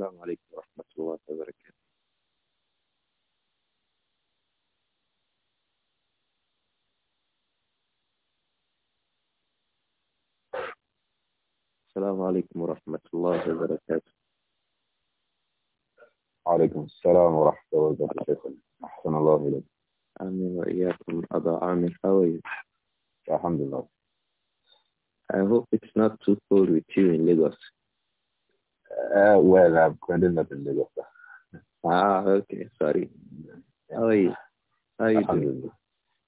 السلام عليكم ورحمة الله وبركاته السلام عليكم ورحمة الله وبركاته وعليكم السلام ورحمة الله وبركاته أحسن الله إليك آمين وإياكم أبا عامر how are you? الحمد لله I hope it's not too cold with you in Lagos uh, well, i have ending up in Lagos. Ah, okay. Sorry. How are you? How are you doing?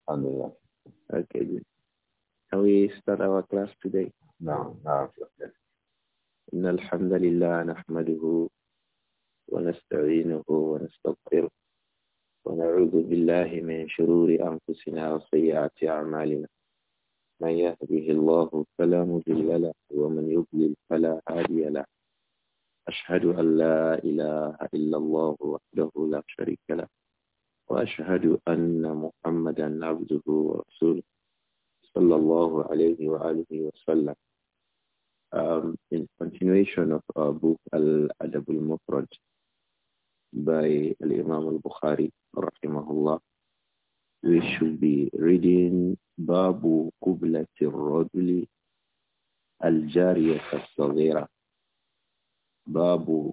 Alhamdulillah. Okay, good. Can we start our class today? No, no. okay. إن الحمد لله نحمده ونستعينه ونستغفره ونعوذ بالله من شرور أنفسنا وسيئات أعمالنا من يهده الله فلا مضل له ومن يضلل فلا هادي له أشهد أن لا إله إلا الله وحده لا شريك له وأشهد أن محمدا عبده ورسوله صلى الله عليه وآله وسلم um, in continuation of our book Al-Adab al-Mufrad by Al-Imam al-Bukhari rahimahullah we should be reading Babu Qublat al-Rajuli al-Jariyat al-Saghira باب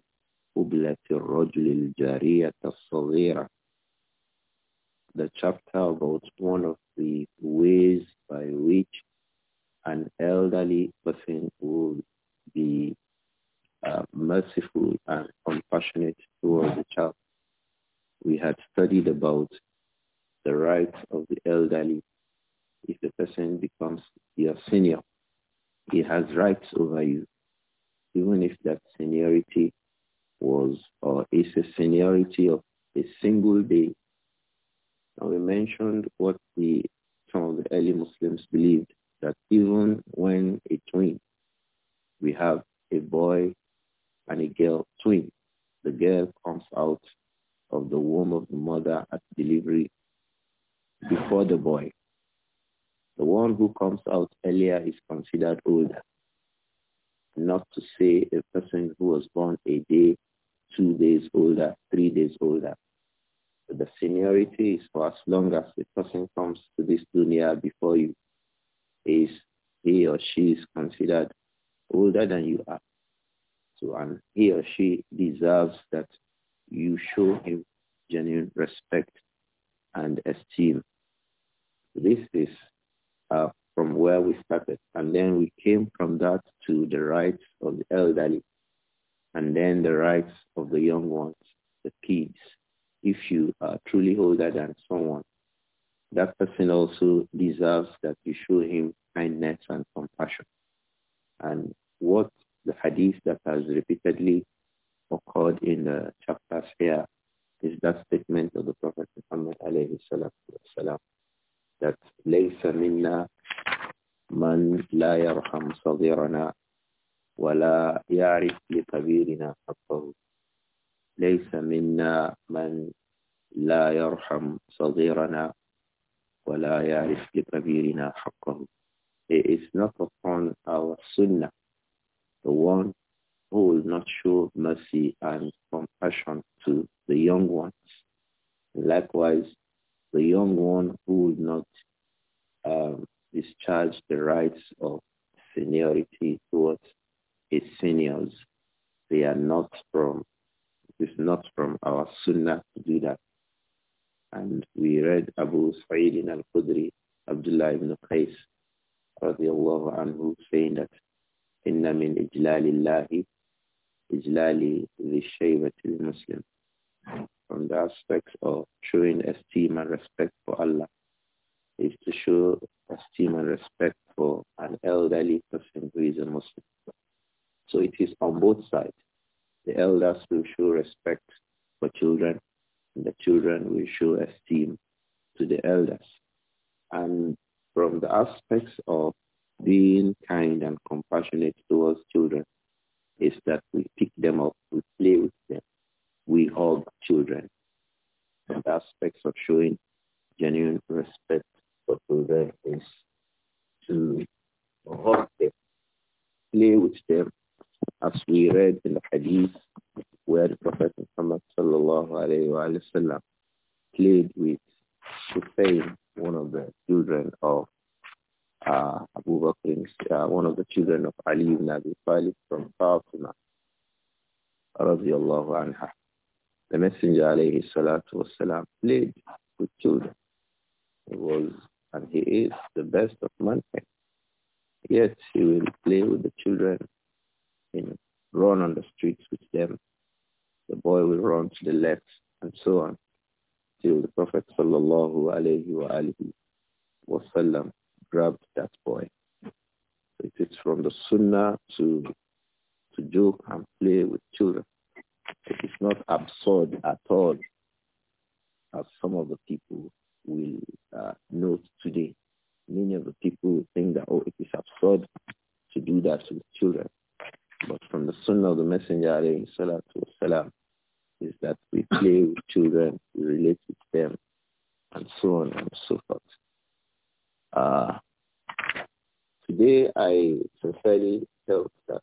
الرجل الجارية الصغيرة the chapter about one of the ways by which an elderly person would be uh, merciful and compassionate towards the child. We had studied about the rights of the elderly. If the person becomes your senior, he has rights over you even if that seniority was or is a seniority of a single day. Now we mentioned what the some of the early Muslims believed that even when a twin, we have a boy and a girl twin, the girl comes out of the womb of the mother at delivery before the boy. The one who comes out earlier is considered older not to say a person who was born a day, two days older, three days older. But the seniority is for as long as the person comes to this dunya before you, is he or she is considered older than you are. So and he or she deserves that you show him genuine respect and esteem. This is uh, from where we started. And then we came from that to the rights of the elderly and then the rights of the young ones, the kids. If you are truly older than someone, that person also deserves that you show him kindness and compassion. And what the hadith that has repeatedly occurred in the chapters here is that statement of the Prophet Muhammad alayhi salatu wasalam that من لا يرحم صغيرنا ولا يعرف لكبيرنا حقه ليس منا من لا يرحم صغيرنا ولا يعرف لكبيرنا حقه It is not upon our sunnah the one who will not show mercy and compassion to the young ones. Likewise, the young one who will not um, discharge the rights of seniority towards his seniors. They are not from, it is not from our sunnah to do that. And we read Abu Sa'id al-Qudri, Abdullah ibn Qais, radiallahu anhu, saying that, إِنَّ مِنْ إِجْلَالِ اللَّهِ إِجْلَالِ ذِي الشَّيْبَةِ الْمُسْلِمِ From the aspects of showing esteem and respect for Allah is to show esteem and respect for an elderly person who is a Muslim. So it is on both sides. The elders will show respect for children, and the children will show esteem to the elders. And from the aspects of being kind and compassionate towards children is that we pick them up, we play with them, we hug children. And the aspects of showing genuine respect for children is to hug them, play with them, as we read in the hadith where the Prophet Muhammad sallallahu alayhi wa, alayhi played with Hussein, one of the children of uh, Abu Bakr, uh, one of the children of Ali ibn Abi Talib from Fatima radiallahu anha. The Messenger alayhi salatu wasalam played with children. It was and he is the best of mankind. Yet he will play with the children and run on the streets with them. The boy will run to the left and so on. Till the Prophet sallallahu alayhi wa alihi wasallam grabbed that boy. So it is from the sunnah to to joke and play with children. It is not absurd at all as some of the people will uh, note today. Many of the people think that, oh, it is absurd to do that with children. But from the sunnah of the messenger, والسلام, is that we play with children, we relate with them, and so on and so forth. Uh, today, I sincerely felt that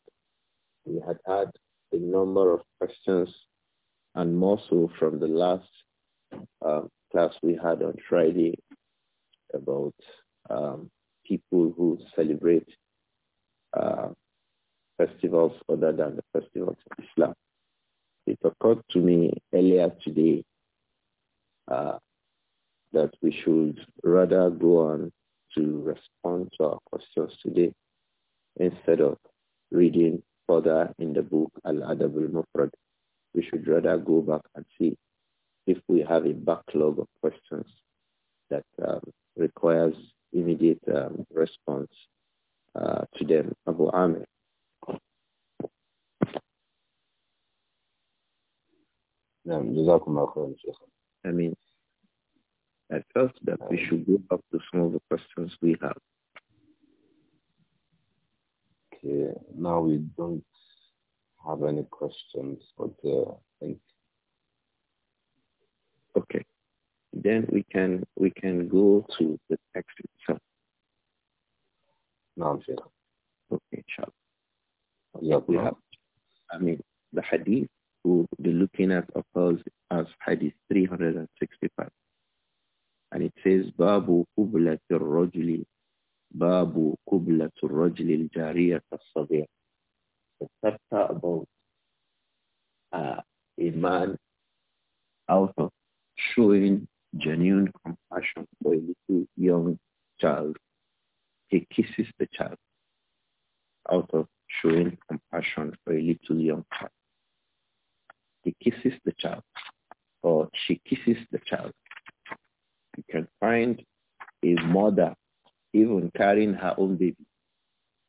we had had a number of questions and more so from the last uh, class we had on Friday about um, people who celebrate uh, festivals other than the festivals of Islam. It occurred to me earlier today uh, that we should rather go on to respond to our questions today instead of reading further in the book Al-Adab al-Mufrad. We should rather go back and see if we have a backlog of questions that um, requires immediate um, response uh, to them. Abu Amir. I mean, I felt that we should go up to some of the questions we have. Okay, now we don't have any questions, but uh, I think Okay. Then we can we can go to the text itself. No sir. Okay, inshallah. Yeah, we have, I mean, the hadith will be looking at of course as hadith 365. And it says, Babu Kubla Rajli, Babu Kubla Rajli al-Jariya al-Sabir. The chapter about uh, a man out of showing genuine compassion for a little young child. He kisses the child out of showing compassion for a little young child. He kisses the child or she kisses the child. You can find a mother even carrying her own baby.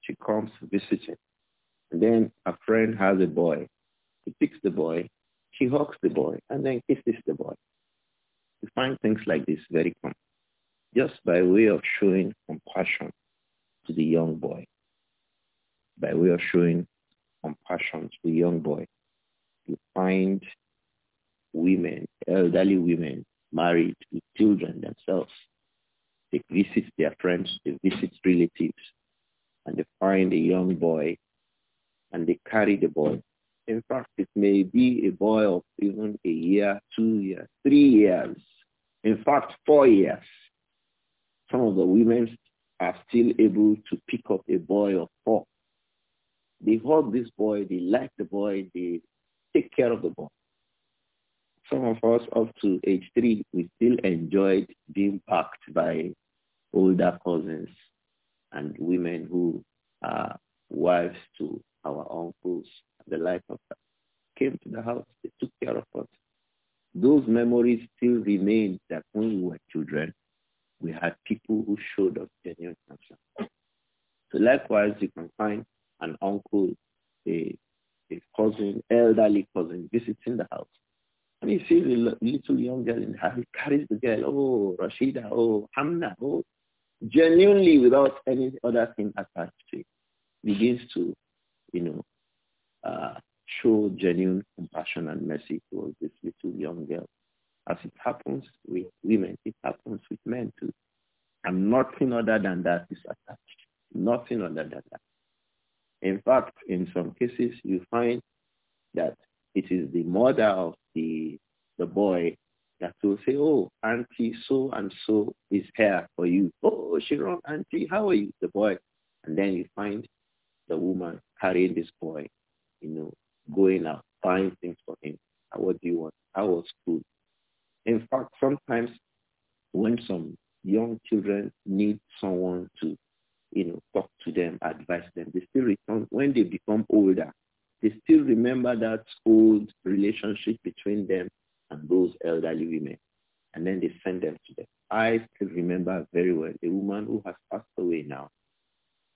She comes visiting. And then a friend has a boy. He picks the boy. She hugs the boy and then kisses the boy. We find things like this very common, just by way of showing compassion to the young boy, by way of showing compassion to the young boy. You find women, elderly women, married with children themselves. They visit their friends, they visit relatives, and they find a young boy, and they carry the boy in fact, it may be a boy of even a year, two years, three years, in fact, four years. Some of the women are still able to pick up a boy of four. They hug this boy, they like the boy, they take care of the boy. Some of us up to age three, we still enjoyed being packed by older cousins and women who are wives to our uncles the life of us, came to the house, they took care of us. Those memories still remain that when we were children, we had people who showed us genuine concern. So likewise, you can find an uncle, a, a cousin, elderly cousin visiting the house. And he sees a little young girl in the house. He carries the girl, oh, Rashida, oh, Hamna, oh, genuinely without any other thing attached to it, begins to, you know, show genuine compassion and mercy towards this little young girl. As it happens with women, it happens with men too. And nothing other than that is attached. Nothing other than that. In fact, in some cases, you find that it is the mother of the, the boy that will say, oh, auntie so and so is here for you. Oh, Sharon, auntie, how are you? The boy. And then you find the woman carrying this boy you know, going out, buying things for him. What do you want? I was school? In fact, sometimes when some young children need someone to, you know, talk to them, advise them, they still return, when they become older, they still remember that old relationship between them and those elderly women. And then they send them to them. I still remember very well a woman who has passed away now.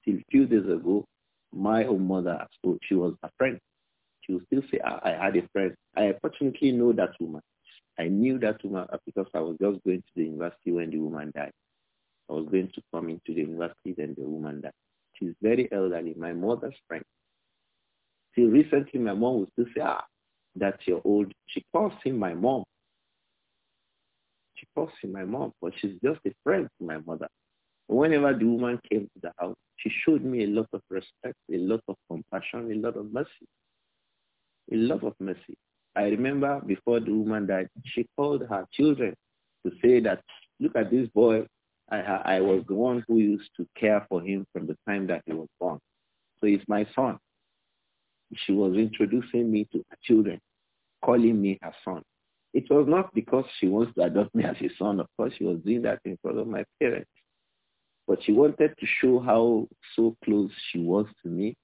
Till few days ago, my own mother, she was a friend. She would still say, I, I had a friend. I fortunately know that woman. I knew that woman uh, because I was just going to the university when the woman died. I was going to come into the university, then the woman died. She's very elderly, my mother's friend. Till recently, my mom would still say, ah, that's your old. She calls him my mom. She calls him my mom, but she's just a friend to my mother. Whenever the woman came to the house, she showed me a lot of respect, a lot of compassion, a lot of mercy. A lot of mercy. I remember before the woman died, she called her children to say that, look at this boy. I, I was the one who used to care for him from the time that he was born. So he's my son. She was introducing me to her children, calling me her son. It was not because she wants to adopt me as her son. Of course, she was doing that in front of my parents. But she wanted to show how so close she was to me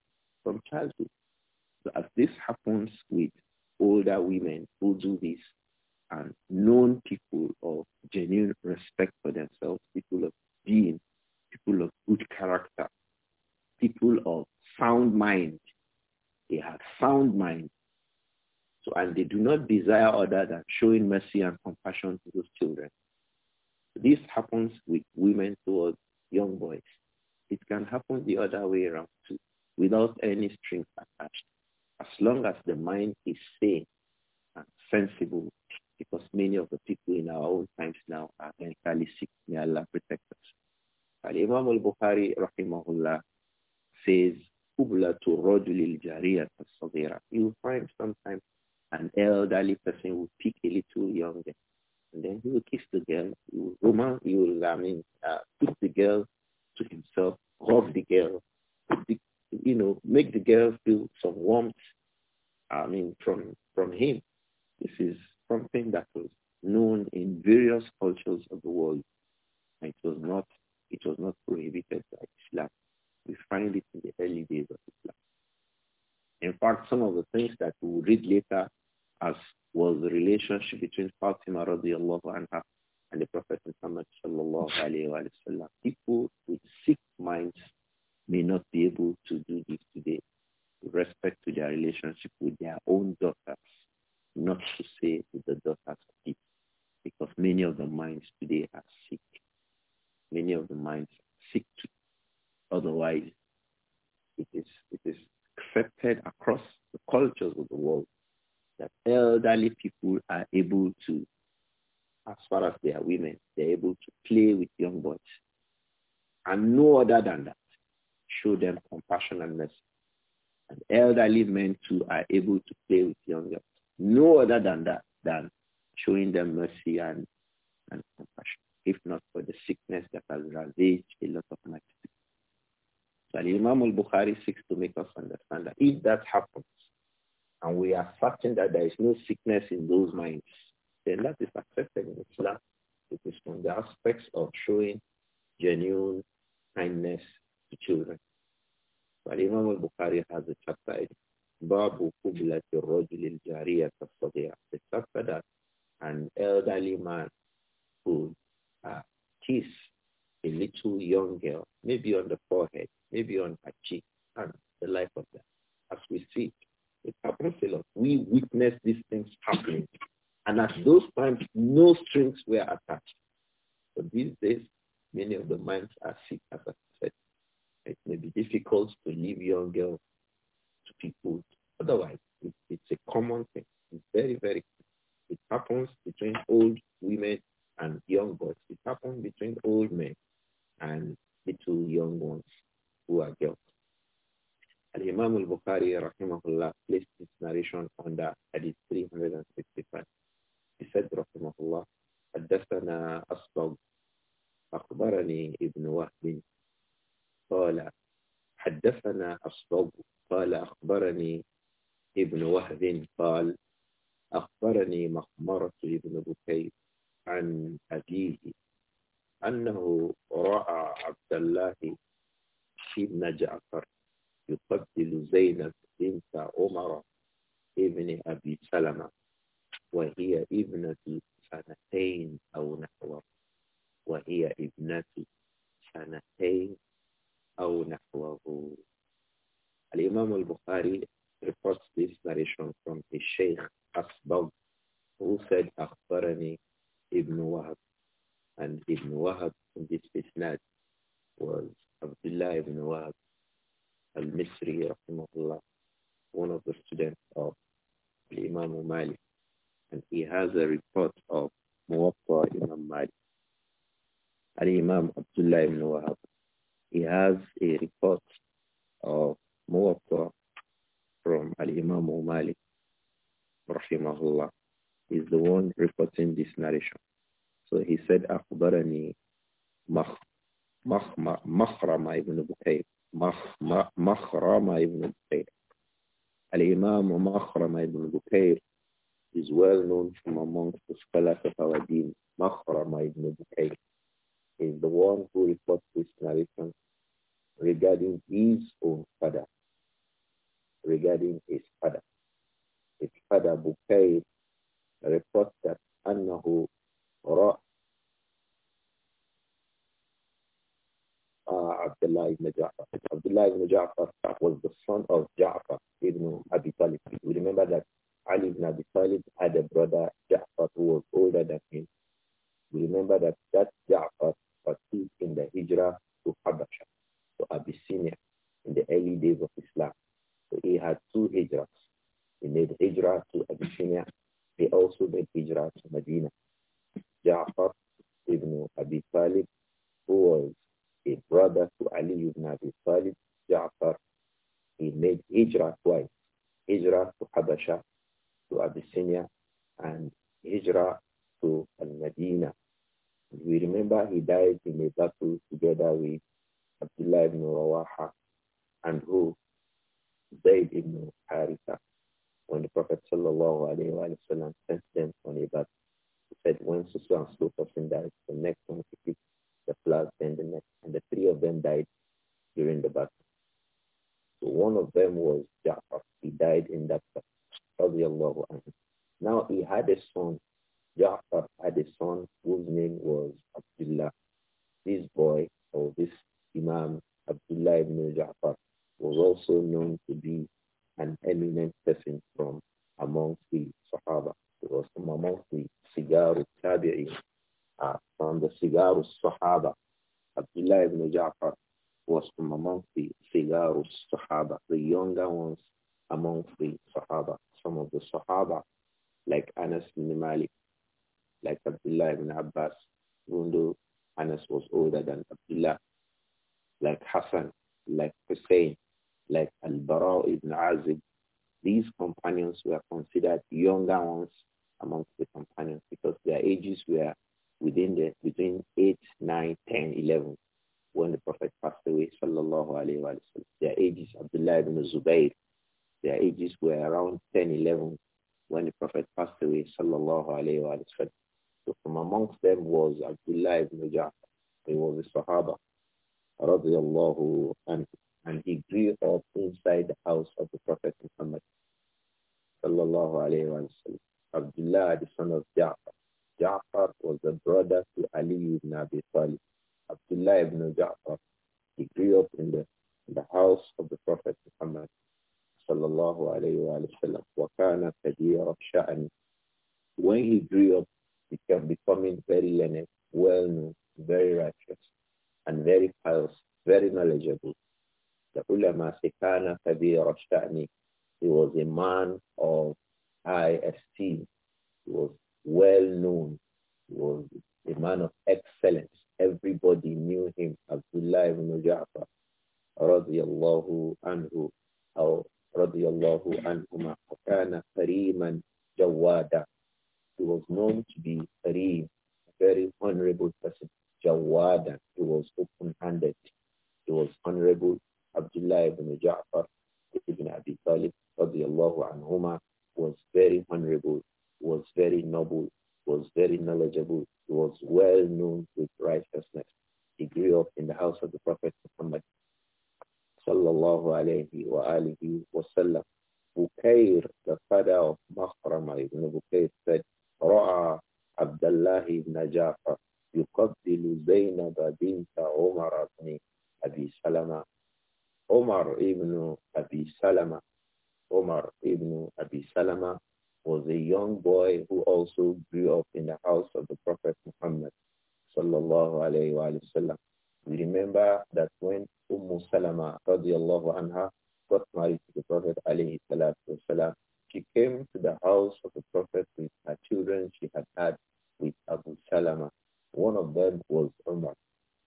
from childhood. So as this happens with older women who do this and known people of genuine respect for themselves, people of being, people of good character, people of sound mind. They have sound mind. So, and they do not desire other than showing mercy and compassion to those children. This happens with women towards young boys. It can happen the other way around too, without any strings attached. As long as the mind is sane and sensible, because many of the people in our own times now are mentally sick. May Allah protect us. But imam al-Bukhari, rahimahullah, says, You find sometimes an elderly person will pick a little young and then he will kiss the girl. He will, Roma, he will, I mean, uh, put the girl to himself, rub the girl, the, you know, make the girl feel some warmth, I mean, from, from him. This is something that was known in various cultures of the world. And it was not, it was not prohibited by Islam. We find it in the early days of Islam. In fact, some of the things that we will read later as was the relationship between Fatima radiallahu anha and the Prophet Muhammad sallallahu alayhi wa sallam. People with sick minds may not be able to do this today with respect to their relationship with their own daughters, not to say with the daughters of people, because many of the minds today are sick. Many of the minds are sick too. Otherwise, it is, it is accepted across the cultures of the world that elderly people are able to, as far as they are women, they're able to play with young boys. And no other than that, show them compassion and mercy. And elderly men too are able to play with young girls. No other than that, than showing them mercy and, and compassion, if not for the sickness that has ravaged a lot of my people. So Imam al-Bukhari seeks to make us understand that if that happens, and we are certain that there is no sickness in those minds, then that is accepted in Islam. It is from the aspects of showing genuine kindness to children. But Imam al-Bukhari has a chapter in Babu Qublat al-Rajul al-Jariyat al the chapter that an elderly man who uh, kiss a little young girl, maybe on the forehead, maybe on her cheek, and the like of that, as we see it We witness these things happening. And at those times, no strings were attached. But these days, many of the minds are sick, as I said. It may be difficult to leave young girls to people. Otherwise, it, it's a common thing. It's very, very. It happens between old women and young boys. It happens between old men regarding his father. His father Bukayr reports that أنه رأى uh, Abdullah ibn Ja'far. Abdullah ibn Ja'far was the son of Ja'far ibn Abi Talib. We remember that Ali ibn Abi Talib had a brother Ja'far who was older than him. We remember that that Ja'far participated in the Hijrah to Habasha, to Abyssinia, in the early days of Islam. So he had two hijrahs. He made hijra to Abyssinia. He also made hijra to Medina. Ja'far ibn Abi Talib, who was a brother to Ali ibn Abi Talib, Ja'far, he made hijra twice. hijra to Habasha, to Abyssinia, and hijra to al We remember he died in a battle together with Abdullah ibn Rawaha and who Zayd ibn Haritha, when the Prophet sallallahu sent them on a bat, he said, when so and so person died, the next one to pick the flag, then the next, and the three of them died during the battle. So one of them was Ja'far. He died in that battle. Now he had a son. Ja'far had a son whose name was Abdullah. This boy, or this Imam, Abdullah ibn Ja'far, was also known to be an eminent person from amongst the Sahaba. He was from amongst the Sigaru Tabi'i, uh, from the Sigaru Sahaba. Abdullah ibn Ja'far was from amongst the Sigaru Sahaba, the younger ones amongst the Sahaba. Some of the Sahaba, like Anas ibn Malik, like Abdullah ibn Abbas, even though Anas was older than Abdullah, like Hassan, like Hussein, like Al-Bara ibn Azib, these companions were considered younger ones amongst the companions because their ages were within the between 8, 9, 10, 11 when the Prophet passed away, sallallahu alayhi wa Their ages, Abdullah ibn Zubayr, their ages were around 10, 11 when the Prophet passed away, sallallahu alayhi wa So from amongst them was Abdullah ibn Ja'far. He was a Sahaba, radiallahu anhu and he grew up inside the house of the Prophet Muhammad. Sallallahu alayhi wa sallam. Abdullah, the son of Ja'far. Ja'far was the brother to Ali ibn Abi Talib. Abdullah ibn Ja'far, he grew up in the, in the house of the Prophet Muhammad. Sallallahu alayhi wa sallam. When he grew up, became, becoming very learned, well-known, very righteous, and very pious, very knowledgeable the ulama say, He was a man of high esteem. He was well known. He was a man of excellence. Everybody knew him. Abdullah ibn Ja'far, radiallahu anhu, or radiallahu anhuma. Kana Kariman Jawada. He was known to be Karim, a very honorable person. Jawada. He was open-handed. He was honorable Abdullah ibn Ja'far ibn Abi Talib radiallahu anhuma was very honorable, was very noble, was very knowledgeable, was well known with righteousness. He grew up in the house of the Prophet Muhammad sallallahu alayhi wa alihi wa sallam. Bukair, the father of Mahrama ibn Bukair said, Ra'a Abdullah ibn Ja'far يقبل زينب بنت عمر بن أبي سلمة Omar ibn Abi Salama. Omar ibn Abi Salama was a young boy who also grew up in the house of the Prophet Muhammad sallallahu alayhi wa sallam. We remember that when Umm Salama radiallahu anha got married to the Prophet alayhi salatu wasalam, she came to the house of the Prophet with her children she had had with Abu Salama. One of them was Umar.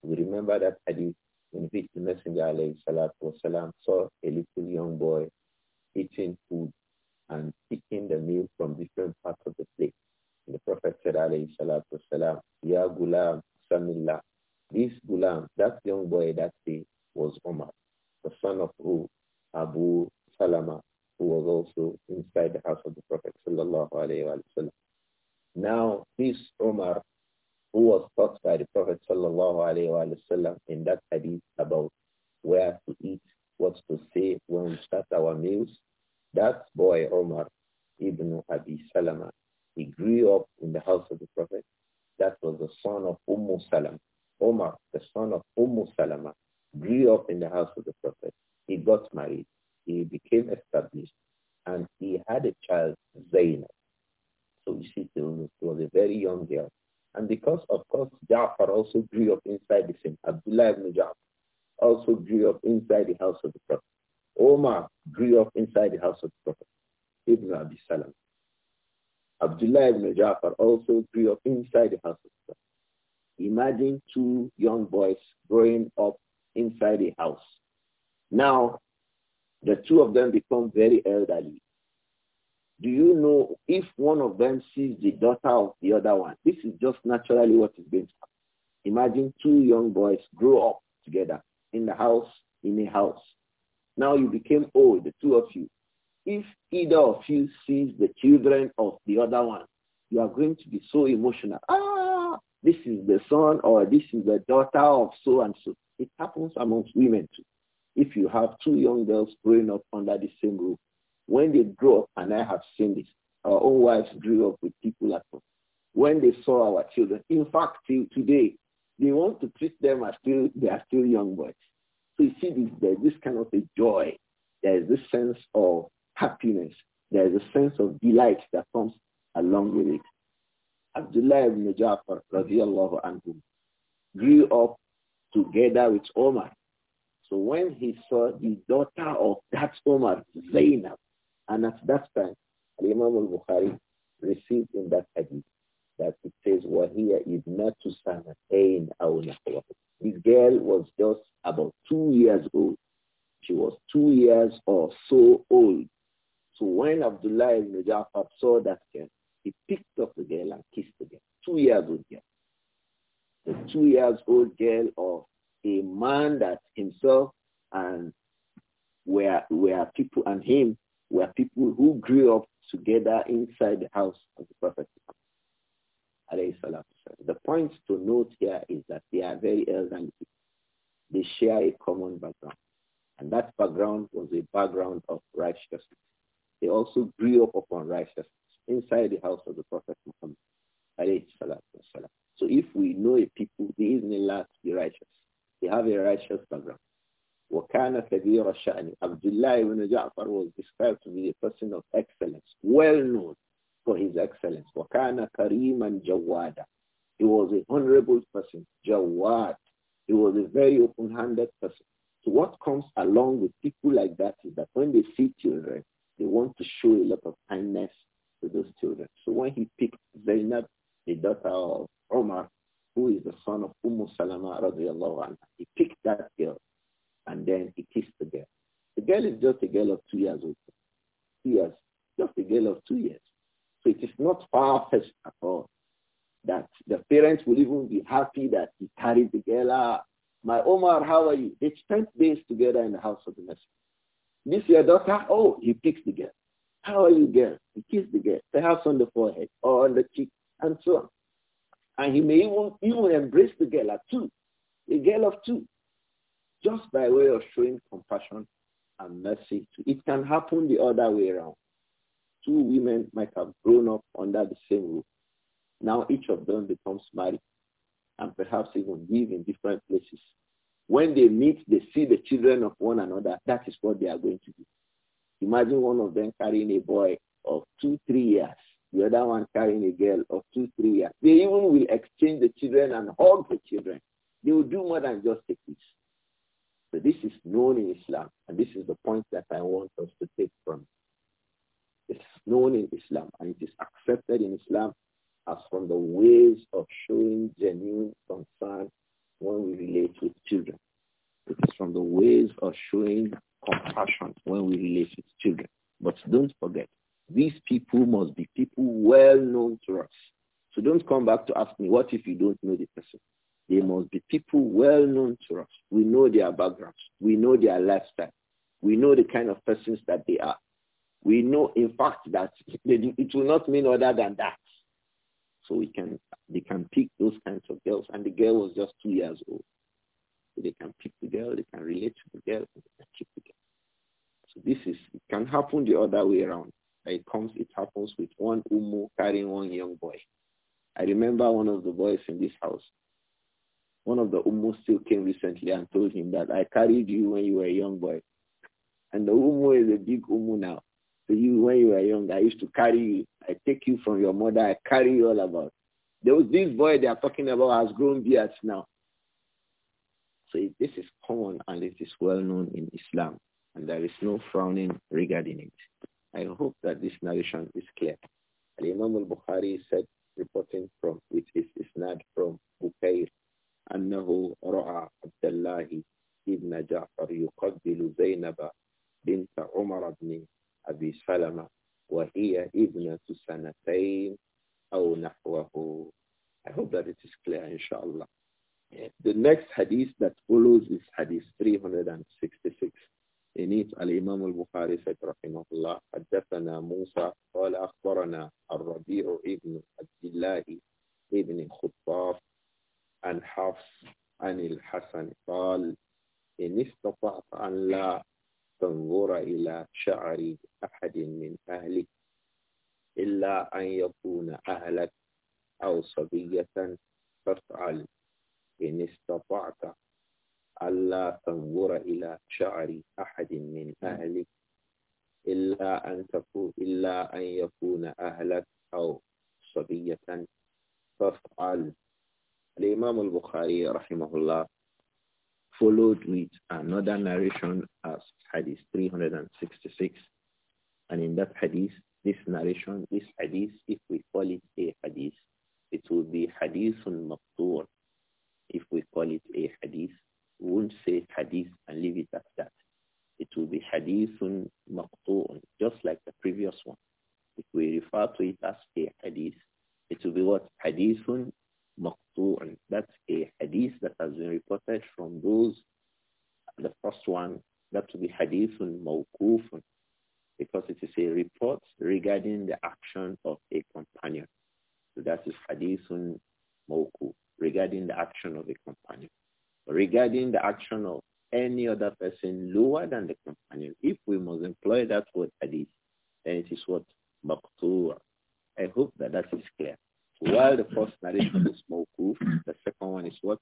We remember that hadith in which the Messenger والسلام, saw a little young boy eating food and picking the meal from different parts of the plate. And the Prophet said, والسلام, Ya Gulam, Samillah. This Gulam, that young boy that day was Omar, the son of who? Abu Salama, who was also inside the house of the Prophet Sallallahu Alaihi Wasallam. Now, this Omar who was taught by the Prophet wasallam in that hadith about where to eat, what to say when we start our meals, that boy Omar ibn Abi Salama, he grew up in the house of the Prophet. That was the son of Umm Salam. Omar, the son of Umm Salama, grew up in the house of the Prophet. He got married. He became established. And he had a child, Zainab. So you see, she was a very young girl. And because, of course, Ja'far also grew up inside the same. Abdullah ibn Ja'far also grew up inside the house of the Prophet. Omar grew up inside the house of the Prophet, Ibn Abi Salam. Abdullah ibn Ja'far also grew up inside the house of the Prophet. Imagine two young boys growing up inside a house. Now, the two of them become very elderly. Do you know if one of them sees the daughter of the other one? This is just naturally what is going to happen. Imagine two young boys grow up together in the house, in a house. Now you became old, the two of you. If either of you sees the children of the other one, you are going to be so emotional. Ah, this is the son or this is the daughter of so and so. It happens amongst women too. If you have two young girls growing up under the same roof, when they grow up, and I have seen this, our own wives grew up with people at home. When they saw our children, in fact, till today, they want to treat them as still they are still young boys. So you see, this, there's this kind of a joy. There is this sense of happiness. There is a sense of delight that comes along with it. Abdullah ibn Ja'far radiallahu anhu grew up together with Omar. So when he saw the daughter of that Omar, Zainab, and at that time, Imam al-Bukhari received in that hadith that it says, Wahia is not to sanatain This girl was just about two years old. She was two years or so old. So when Abdullah ibn Ja'far saw that girl, he picked up the girl and kissed the girl. Two years old girl. The two years old girl of a man that himself and where where people and him were people who grew up together inside the house of the Prophet. The point to note here is that they are very elderly. They share a common background. And that background was a background of righteousness. They also grew up upon righteousness inside the house of the Prophet Muhammad. So if we know a people, the Isnailah to be righteous, they have a righteous background. وَكَانَ كَبِيرَ الشَّأْنِ Abdullah ibn Ja'far was described to be a person of excellence, well known for his excellence. وَكَانَ كَرِيمًا جَوَّادًا He was a honorable person, Jawad. He was a very open-handed person. So what comes along with people like that is that when they see children, they want to show a lot of kindness to those children. So when he picked Zainab, the daughter of Omar, who is the son of Umm Salama radiallahu he picked that girl and then he kissed the girl. The girl is just a girl of two years old. Two years, just a girl of two years. So it is not far-fetched at all that the parents will even be happy that he carried the girl out. My Omar, how are you? They spent days together in the house of the master. This your daughter? Oh, he picks the girl. How are you, girl? He kissed the girl, perhaps on the forehead or on the cheek, and so on. And he may even, even embrace the girl at two, a girl of two just by way of showing compassion and mercy. It can happen the other way around. Two women might have grown up under the same roof. Now each of them becomes married and perhaps even live in different places. When they meet, they see the children of one another. That is what they are going to do. Imagine one of them carrying a boy of two, three years. The other one carrying a girl of two, three years. They even will exchange the children and hug the children. They will do more than just a kiss. So this is known in Islam, and this is the point that I want us to take from. It is known in Islam, and it is accepted in Islam as from the ways of showing genuine concern when we relate with children. It is from the ways of showing compassion when we relate with children. But don't forget, these people must be people well known to us. So don't come back to ask me, what if you don't know the person? They must be people well known to us. We know their backgrounds. We know their lifestyle. We know the kind of persons that they are. We know, in fact, that it will not mean other than that. So we can, they can pick those kinds of girls. And the girl was just two years old. So they can pick the girl, they can relate to the girl, they can keep the girl. So this is, it can happen the other way around. It comes, it happens with one umu carrying one young boy. I remember one of the boys in this house. One of the Ummu still came recently and told him that I carried you when you were a young boy. And the Ummu is a big Ummu now. So you, when you were young, I used to carry you. I take you from your mother. I carry you all about. There was this boy they are talking about has grown beards now. So this is common and it is well known in Islam. And there is no frowning regarding it. I hope that this narration is clear. Al-Imam al-Bukhari said, reporting from, which is not from Bukayr أنه رأى عبد الله ابن جعفر يقبل زينب بنت عمر بن أبي سلمة وهي ابنة سنتين أو نحوه I hope that it is clear inshallah. The next hadith that follows is hadith 366. In it, Al-Imam al-Bukhari said, rahimahullah, حدثنا موسى قال أخبرنا الربيع ابن عبد الله ابن خطاف عن حفص عن الحسن قال إن استطعت أن لا تنظر إلى شعر أحد من أهلك إلا أن يكون أهلك أو صبية فافعل إن استطعت ألا تنظر إلى شعر أحد من أهلك إلا أن تكون إلا أن يكون أهلك أو صبية فافعل The Imam al-Bukhari, rahimahullah, followed with another narration as hadith 366. And in that hadith, this narration, this hadith, if we call it a hadith, it will be hadithun maqtur. If we call it a hadith, we won't say hadith and leave it at that. It will be hadithun maqtur, just like the previous one. If we refer to it as a hadith, it will be what? Hadithun مقطوع. That's a hadith that has been reported from those, the first one, that to be hadith mawquf because it is a report regarding the action of a companion. So that is hadith mawquf regarding the action of a companion. Regarding the action of any other person lower than the companion, if we must employ that word hadith, then it is what? Maqtu while the first narration is mawkuf, the second one is what?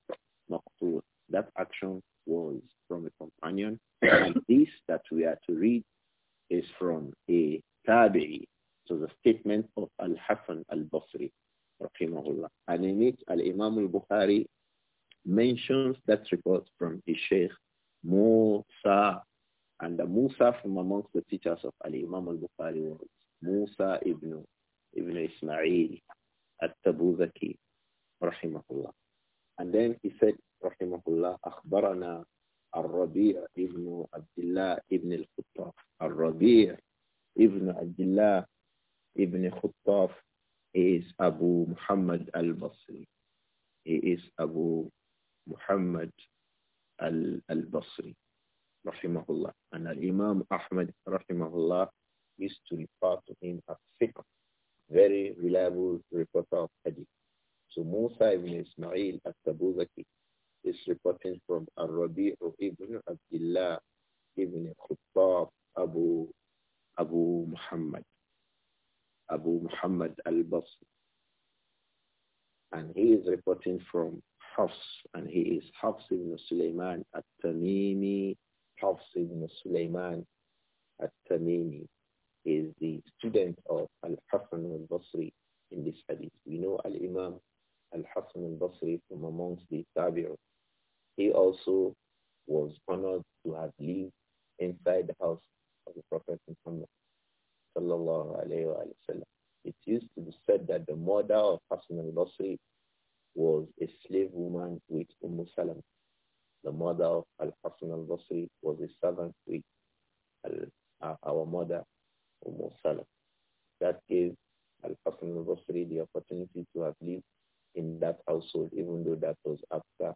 Of the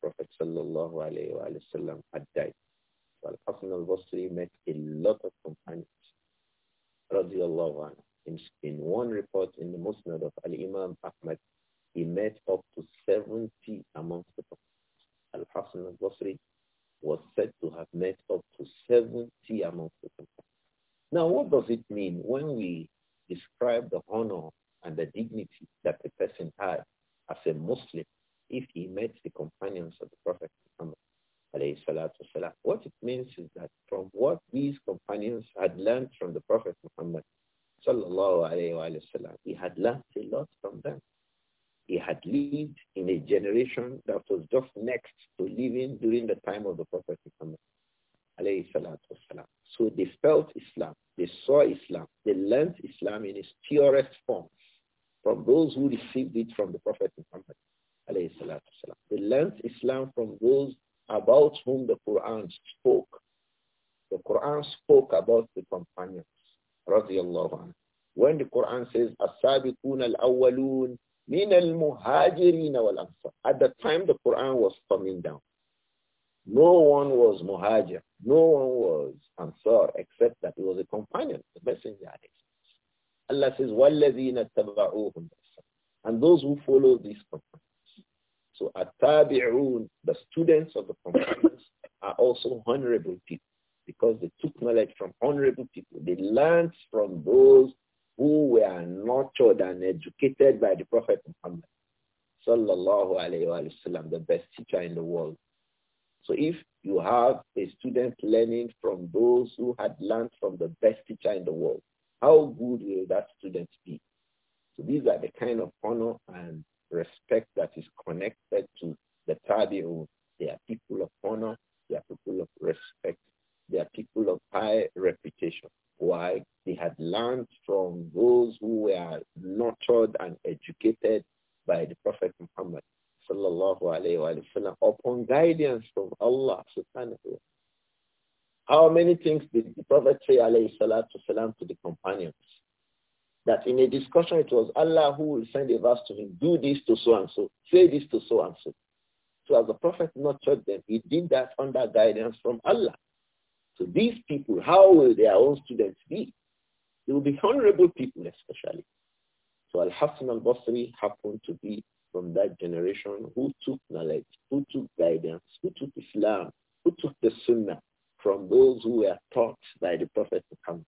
Prophet sallallahu alaihi wa sallam had died. الأجرين والأنصار of high reputation. Why? They had learned from those who were nurtured and educated by the Prophet Muhammad sallallahu alayhi wa sallam, upon guidance from Allah subhanahu wa How many things did the Prophet say alayhi salatu salam to the companions? That in a discussion it was Allah who will send a verse to him, do this to so and so, say this to so and so. So as the Prophet nurtured them, he did that under guidance from Allah. So these people, how will their own students be? They will be honorable people especially. So Al-Hassan al-Basri happened to be from that generation who took knowledge, who took guidance, who took Islam, who took the Sunnah from those who were taught by the Prophet Muhammad.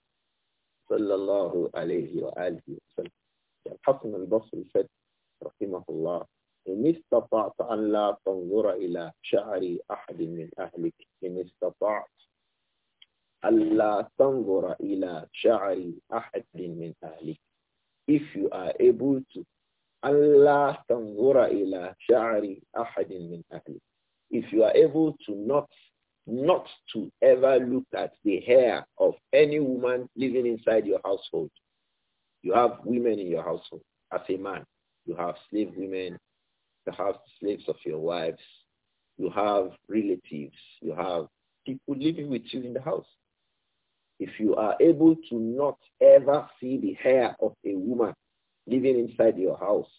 Sallallahu alayhi wa alihi wa sallam. Al-Hassan al-Basri said, Rahimahullah, إن استطعت أن لا تنظر إلى شعر أحد من أهلك إن استطعت ila ahadin min If you are able to, ila ahadin min If you are able to not, not to ever look at the hair of any woman living inside your household. You have women in your household as a man. You have slave women, you have slaves of your wives, you have relatives, you have people living with you in the house. If you are able to not ever see the hair of a woman living inside your house,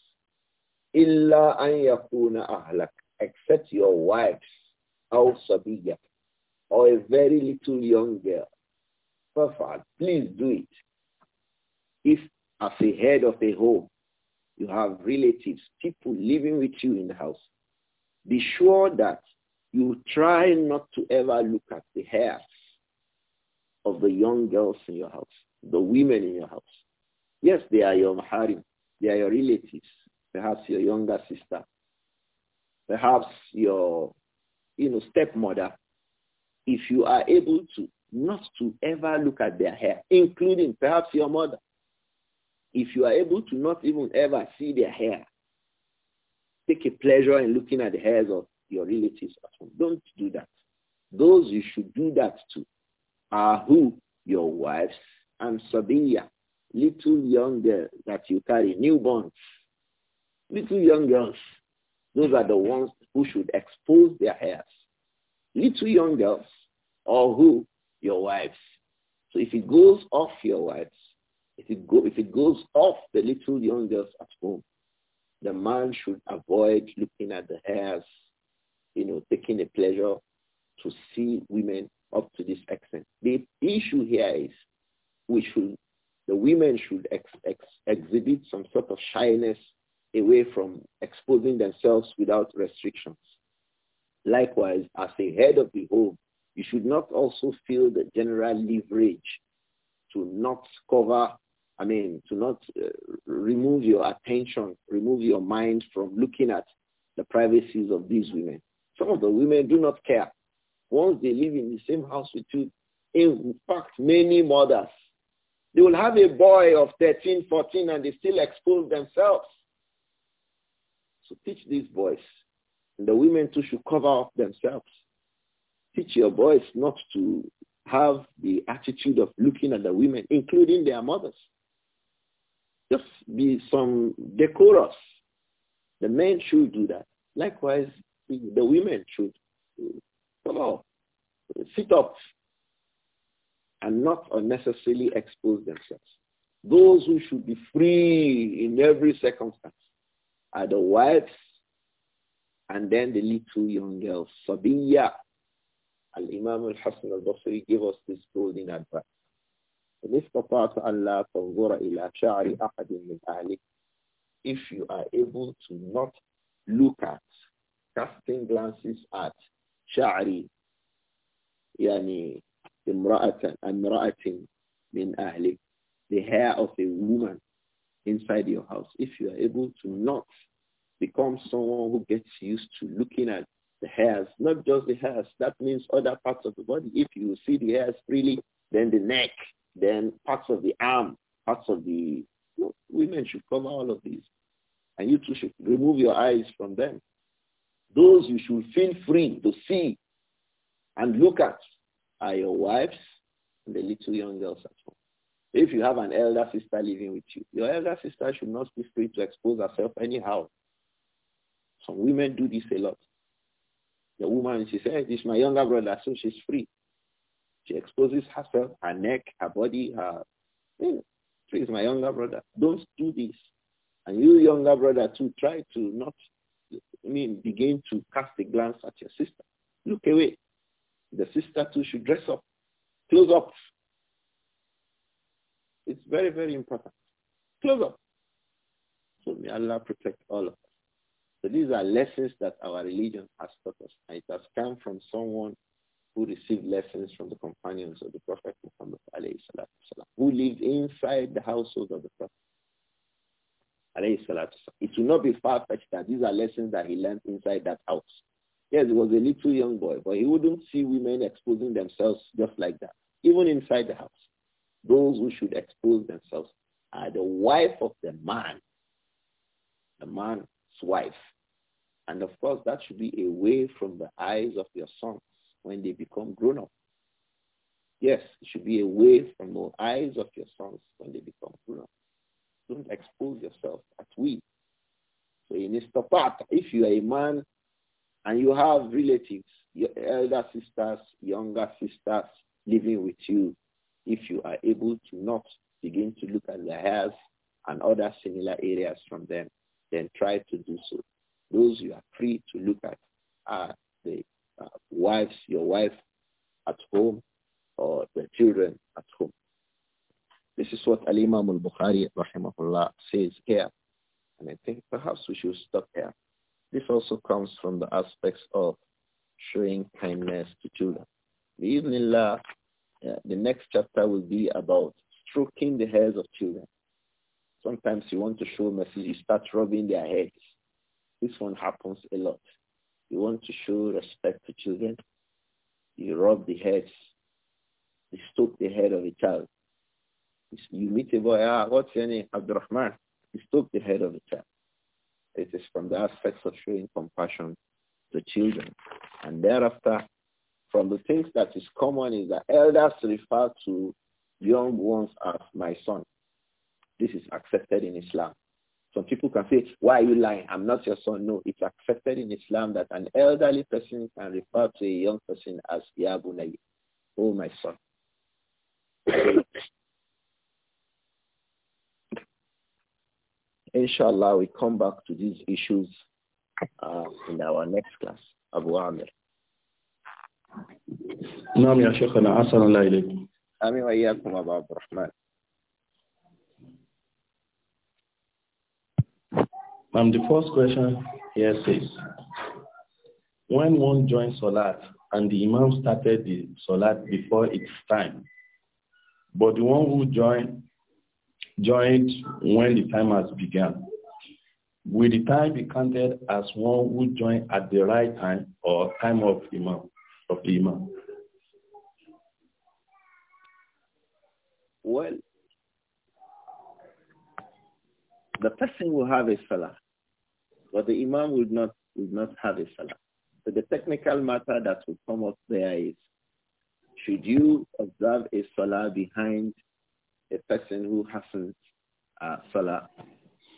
illa an yakuna ahlak, except your wives, aw sabiya, or a very little young girl. Perfect. Please do it. If as a head of a home, you have relatives, people living with you in the house, be sure that you try not to ever look at the hair of the young girls in your house, the women in your house. Yes, they are your maharim. They are your relatives. Perhaps your younger sister. Perhaps your, you know, stepmother. If you are able to, not to ever look at their hair, including perhaps your mother. If you are able to not even ever see their hair, take a pleasure in looking at the hairs of your relatives at home. Don't do that. Those you should do that to are who? Your wives and Sabiya, little young girls that you carry, newborns, little young girls. Those are the ones who should expose their hairs. Little young girls or who? Your wives. So if it goes off your wives, if it, go, if it goes off the little young girls at home, the man should avoid looking at the hairs, you know, taking a pleasure to see women up to this extent. The issue here is we should, the women should ex, ex, exhibit some sort of shyness away from exposing themselves without restrictions. Likewise, as a head of the home, you should not also feel the general leverage to not cover, I mean, to not uh, remove your attention, remove your mind from looking at the privacies of these women. Some of the women do not care once they live in the same house with you, in fact, many mothers, they will have a boy of 13, 14, and they still expose themselves. So teach these boys. And the women too should cover up themselves. Teach your boys not to have the attitude of looking at the women, including their mothers. Just be some decorous. The men should do that. Likewise, the women should Come on. Sit up and not unnecessarily expose themselves. Those who should be free in every circumstance are the wives and then the little young girls. Sabiya. Al-Imam al-Hasan al-Basri gave us this golden advice. If you are able to not look at, casting glances at شعري يعني امرأة امرأة من أهلك the hair of a woman inside your house if you are able to not become someone who gets used to looking at the hairs, not just the hairs. That means other parts of the body. If you see the hairs freely, then the neck, then parts of the arm, parts of the... You know, women should cover all of these. And you too should remove your eyes from them. Those you should feel free to see and look at are your wives and the little young girls at home. If you have an elder sister living with you, your elder sister should not be free to expose herself anyhow. Some women do this a lot. The woman, she says, this is my younger brother, so she's free. She exposes herself, her neck, her body, her, she is my younger brother. Don't do this. And you younger brother too, try to not I mean, begin to cast a glance at your sister. Look away. The sister too should dress up, close up. It's very, very important. Close up. So may Allah protect all of us. So these are lessons that our religion has taught us. And it has come from someone who received lessons from the companions of the Prophet Muhammad who lived inside the household of the Prophet. It will not be far-fetched that these are lessons that he learned inside that house. Yes, he was a little young boy, but he wouldn't see women exposing themselves just like that, even inside the house. Those who should expose themselves are the wife of the man, the man's wife. And of course, that should be away from the eyes of your sons when they become grown up. Yes, it should be away from the eyes of your sons when they become But if you are a man and you have relatives, your elder sisters, younger sisters living with you, if you are able to not begin to look at the health and other similar areas from them, then try to do so. Those you are free to look at are the uh, wives, your wife at home, or the children at home. This is what Al-Imam al-Bukhari, rahimahullah, says here. And I think perhaps we should stop here. This also comes from the aspects of showing kindness to children. Bismillah, uh, the next chapter will be about stroking the hairs of children. Sometimes you want to show mercy, you start rubbing their heads. This one happens a lot. You want to show respect to children, you rub the heads, you stroke the head of a child. You meet a boy, ah, what's your name? Abdurrahman. He took the head of the child. It is from the aspects of showing compassion to children. And thereafter, from the things that is common is that elders refer to young ones as my son. This is accepted in Islam. Some people can say, why are you lying? I'm not your son. No, it's accepted in Islam that an elderly person can refer to a young person as Yabunayi, oh my son. Inshallah, we come back to these issues uh, in our next class. Abu Amir. نعم يا شيخنا أحسن الله إليكم آمين وإياكم أبو عبد الرحمن Ma'am, the first question here says, when one joins Salat and the Imam started the Salat before its time, but the one who joined joined when the time has begun. Will the time be counted as one who joined at the right time or time of imam of the imam? Well, the person will have a salah, but the imam would not will not have a salah. So the technical matter that will come up there is, should you observe a salah behind a person who hasn't uh, salah,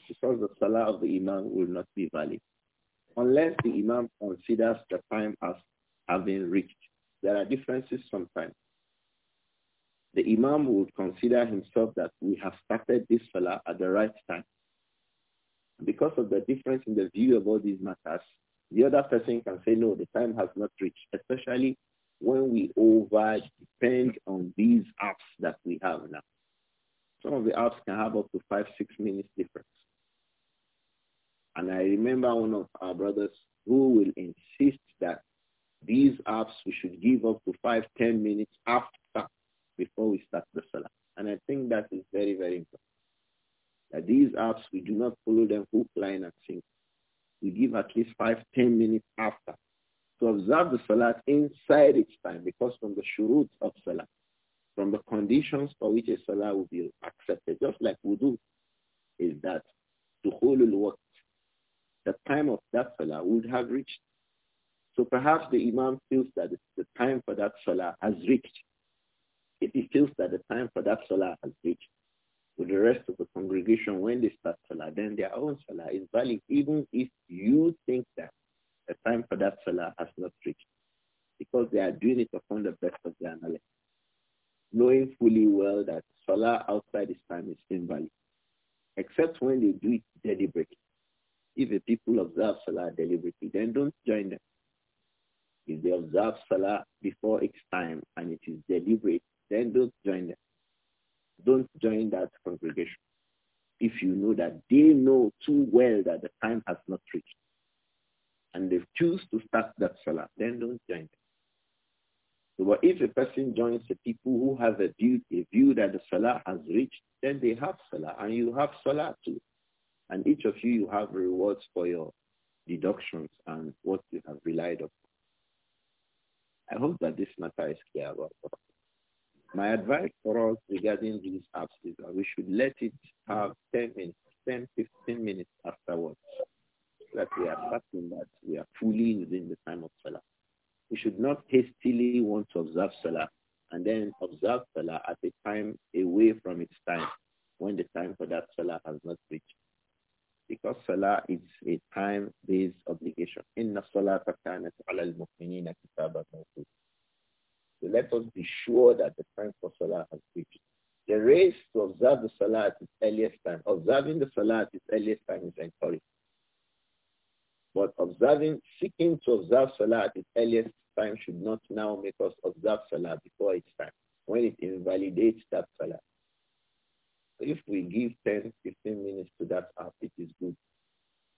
because the salah of the imam will not be valid. Unless the imam considers the time as having reached. There are differences sometimes. The imam would consider himself that we have started this salah at the right time. Because of the difference in the view of all these matters, the other person can say, no, the time has not reached, especially when we over depend on these apps that we have now. Some of the apps can have up to five, six minutes difference. And I remember one of our brothers who will insist that these apps we should give up to five, ten minutes after before we start the salah. And I think that is very, very important. That these apps, we do not follow them hook, line, and sink. We give at least five, ten minutes after to observe the salah inside its time because from the shurut of salah from the conditions for which a salah will be accepted, just like wudu, is that dukhulul waqt, the time of that salah would have reached. So perhaps the imam feels that the time for that salah has reached. If he feels that the time for that salah has reached, with the rest of the congregation, when they start salah, then their own salah is valid, even if you think that the time for that salah has not reached, because they are doing it upon the best of their knowledge knowing fully well that salah outside this time is invalid, except when they do it deliberately. If the people observe salah deliberately, then don't join them. If they observe salah before its time and it is deliberate, then don't join them. Don't join that congregation if you know that they know too well that the time has not reached and they choose to start that salah, then don't join them. So, but if a person joins the people who have a view, a view that the salah has reached, then they have salah and you have salah too. And each of you, you have rewards for your deductions and what you have relied upon. I hope that this matter is clear about us. My advice for us regarding these apps is that we should let it have 10 minutes, 10, 15 minutes afterwards, so that we are certain that we are fully within the time of salah. We should not hastily want to observe Salah and then observe Salah at a time away from its time when the time for that Salah has not reached. Because Salah is a time-based obligation. Inna al So let us be sure that the time for Salah has reached. The race to observe the Salah at its earliest time, observing the Salah at its earliest time is encouraged. But observing, seeking to observe Salah at its earliest time should not now make us observe salah before its time, when it invalidates that salah. if we give 10, 15 minutes to that app, it is good.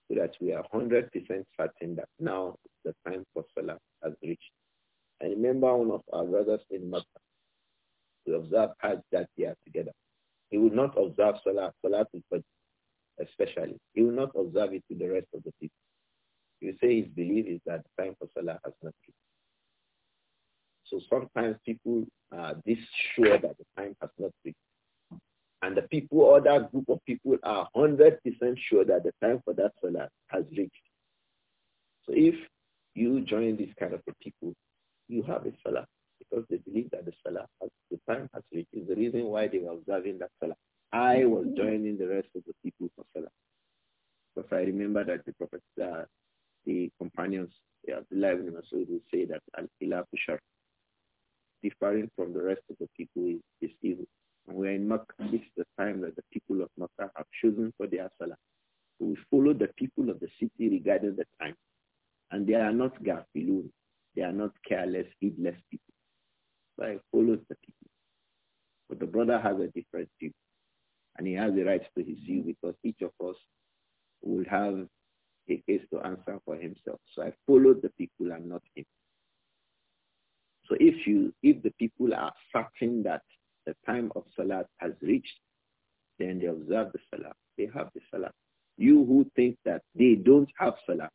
So that we are 100% certain that now the time for salah has reached. I remember one of our brothers in Makkah. We observed Hajj that year together. He would not observe Salah, Salah but especially. He would not observe it to the rest of the people. You say his belief is that the time for Salah has not reached. So sometimes people are this sure that the time has not reached. And the people or that group of people are 100% sure that the time for that salah has reached. So if you join this kind of a people, you have a salah because they believe that the salah has, the time has reached. Is the reason why they were observing that salah. I was mm-hmm. joining the rest of the people for salah. Because I remember that the prophet, uh, the companions, yeah, Abdullah in Masud would say that al-ilafu shar, differing from the rest of the people is, evil. And we are in Makkah. This is the time that the people of Makkah have chosen for their salah. So we follow the people of the city regarding the time. And they are not gafilun. They are not careless, heedless people. So I follow the people. But the brother has a different view. And he has the right to his view because each of us will have a case to answer for himself. So I follow the people and not him. So if you, if the people are certain that the time of Salat has reached, then they observe the Salah. They have the Salah. You who think that they don't have Salah,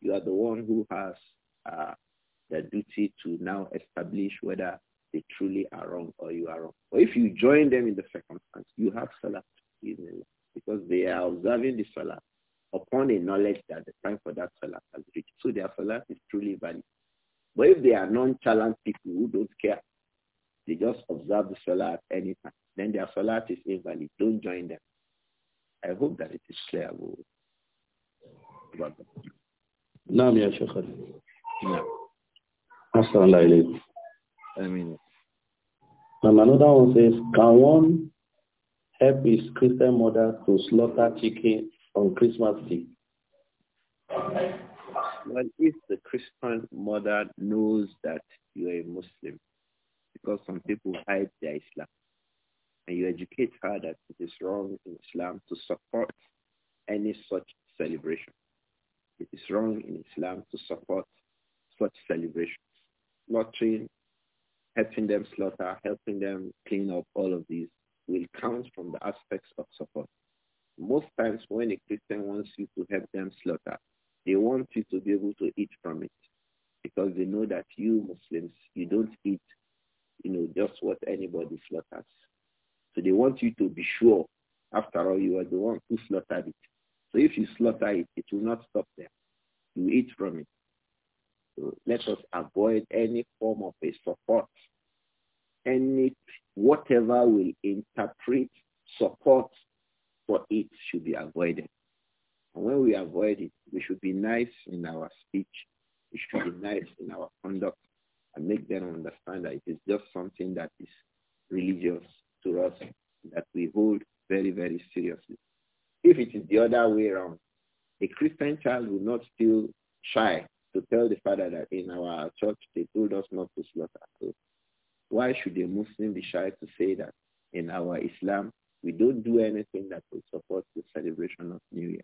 you are the one who has uh, the duty to now establish whether they truly are wrong or you are wrong. Or if you join them in the circumstance, you have Salah because they are observing the Salah upon a knowledge that the time for that Salah has reached. So their Salah is truly valid. But if they are non nonchalant people who don't care, they just observe the salah at any time, then their salah is invalid. Don't join them. I hope that it is clear. نعم يا شيخ نعم أحسن الله Now another one says, can one help his Christian mother to slaughter chicken on Christmas Day? Well, if the Christian mother knows that you're a Muslim, because some people hide their Islam, and you educate her that it is wrong in Islam to support any such celebration. It is wrong in Islam to support such celebrations. Slaughtering, helping them slaughter, helping them clean up all of these will count from the aspects of support. Most times when a Christian wants you to help them slaughter, they want you to be able to eat from it because they know that you Muslims, you don't eat, you know, just what anybody slaughters. So they want you to be sure. After all, you are the one who slaughtered it. So if you slaughter it, it will not stop there. You eat from it. So let us avoid any form of a support. Any, whatever will interpret support for it should be avoided. And when we avoid it, we should be nice in our speech. We should be nice in our conduct and make them understand that it is just something that is religious to us that we hold very, very seriously. If it is the other way around, a Christian child will not feel shy to tell the father that in our church they told us not to slaughter. So why should a Muslim be shy to say that in our Islam we don't do anything that will support the celebration of New Year?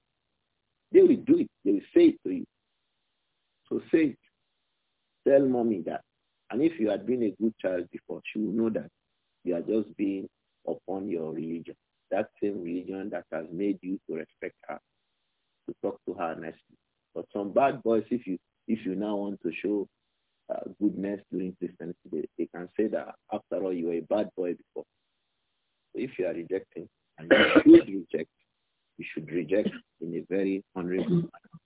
They will do it. They will say it to you. So say it. Tell mommy that. And if you had been a good child before, she will know that you are just being upon your religion. That same religion that has made you to respect her, to talk to her nicely. But some bad boys, if you if you now want to show uh, goodness during Christianity, they, they can say that after all you were a bad boy before. So if you are rejecting, and you should reject, you should reject in a very honorable mm-hmm. manner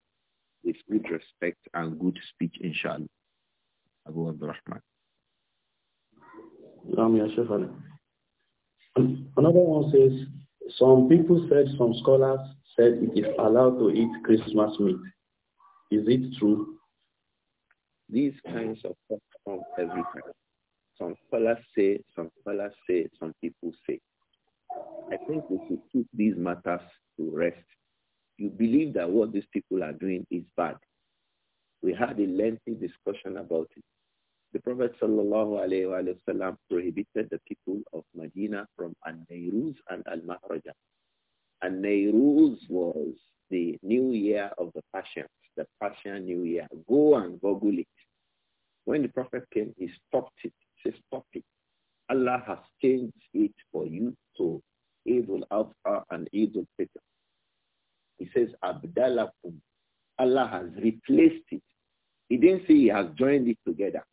with good respect and good speech, inshallah. Abu Abdurrahman. Um, Another one says, some people said, some scholars said it is allowed to eat Christmas meat. Is it true? These kinds of thoughts come every time. Some scholars say, some scholars say, some people say. I think we should keep these matters to rest. You believe that what these people are doing is bad. We had a lengthy discussion about it. The Prophet wasallam prohibited the people of Medina from al nayruz and Al-Mahraja. al nayruz was the new year of the Persians, the Persian new year. Go and Google it. When the Prophet came, he stopped it. He said, stop it. Allah has changed it for you to Eid al-Adha and Eid al-Fitr. He says, Abdalakum. Allah has replaced it. He didn't say he has joined it together.